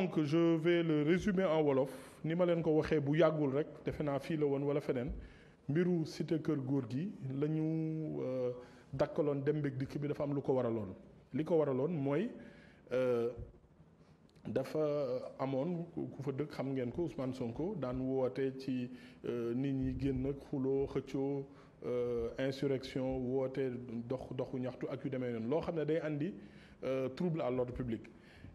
donc je vais le résumer en wolof ni ma leen ko waxee bu yàggul rek defe naa fii la woon wala feneen mbiru cité kër góor gi lañu ñu euh, dakkaloon dem beeg dikk bi dafa am lu ko waraloon li ko waraloon mooy euh, dafa amoon ku fa dëkk xam ngeen ko Ousmane Sonko daan woote ci euh, nit ñi génn xuloo xëccoo insurrection woote dox doxu ñaxtu ak yu demee noonu loo xam ne day indi trouble à l'ordre public.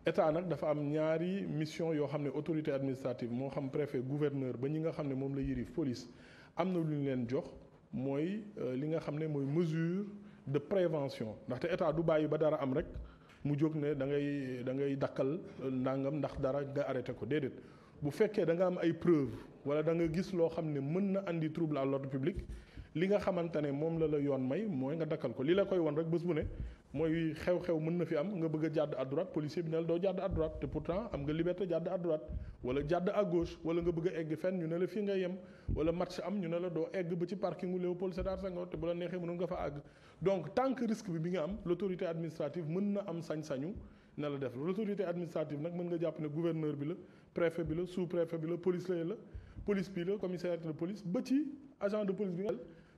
état nag dafa am ñaari mission yoo xam ne autorité administrative moo xam préfet gouverneur ba ñi nga xam ne moom la yërif police am na lu ñu leen jox mooy euh, li nga xam ne mooy mesure de prévention ndaxte état du bàyyi ba dara am rek mu jóg ne da ngay da ngay dakkal euh, ndàngam ndax dara nga arrêté ko déedéet bu fekkee da nga am ay preuve wala da nga gis loo xam ne mën na indi trouble à l'ordre public li nga xamante ne moom la la yoon may mooy nga dakkal ko li la koy won rek bés bu ne mooy xew-xew na fi am nga bëgg jàdd à droite policier bi la doo jàdd à droite te pourtant am nga liberté à droite wala nga bëgg egg fenn ñu ne la fii nga yem wala match am ñu ne la doo egg ba ci parkingu Léopold Sédar Senghor te bu neexee mënoon nga fa àgg donc tant que risque bi bi nga am l'autorité administrative mën na am sañ-sañu na la def l'autorité administrative nag mën nga jàpp ne gouverneur bi la préfet bi la sous préfet bi la police lay la police bi la commissariat ba ci agent de police bi nga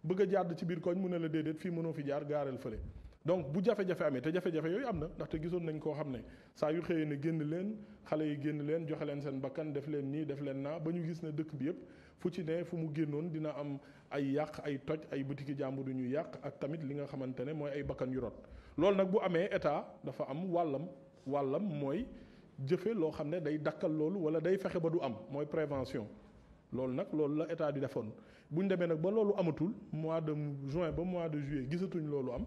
bëgg a jàdd ci biir koñ mu ne la déedéet fii mënoo fi jaar gaareel fële donc bu jafe-jafe amee te jafe-jafe yooyu am na ndaxte gisoon nañ koo xam ne saa yu xëyee ne génn leen xale yi génn leen joxe leen seen bakkan def leen nii def leen naa ba ñu gis ne dëkk bi yëpp fu ci ne fu mu génnoon dina am ay yàq ay toj ay boutique jàmbur yu ñuy yàq ak tamit li nga xamante ne mooy ay bakkan yu rot loolu nag bu amee état dafa am wàllam wàllam mooy jëfe loo xam ne day dakkal loolu wala day fexe ba du am mooy prévention loolu nag loolu la état di defoon bu ñu demee nag ba loolu amatul mois de juin ba mois de juillet gisatuñ loolu am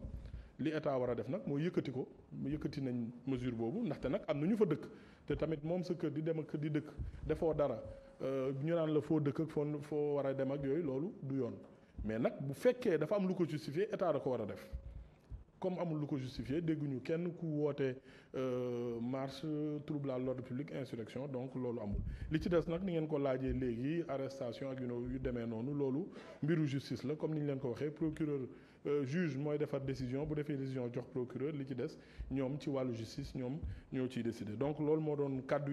li état war a def nag mooy yëkkati ko yëkkati nañ mesure boobu ndaxte nag am na ñu fa dëkk te tamit moom sa kër di dem ak di dëkk defoo dara euh, ñu naan la foo dëkk ak foo foo war a dem ak yooyu loolu du yoon mais nag bu fekkee dafa am lu ko justifier état da ko war a def. comme amul lu ko justifié dégguñu kenn ku woote euh, marche trouble à l'ordre public insurrection donc loolu amul li ci des nag ni ngeen ko laajee léegi arrestation ak yu demee noonu loolu mbiru justice la comme ni ñu leen ko waxee procureur euh, juge mooy defar décision bu defee décision jox procureur li ci des ñoom ci wàllu justice ñoom ñoo ciy décider donc loolu moo doon kàddu yi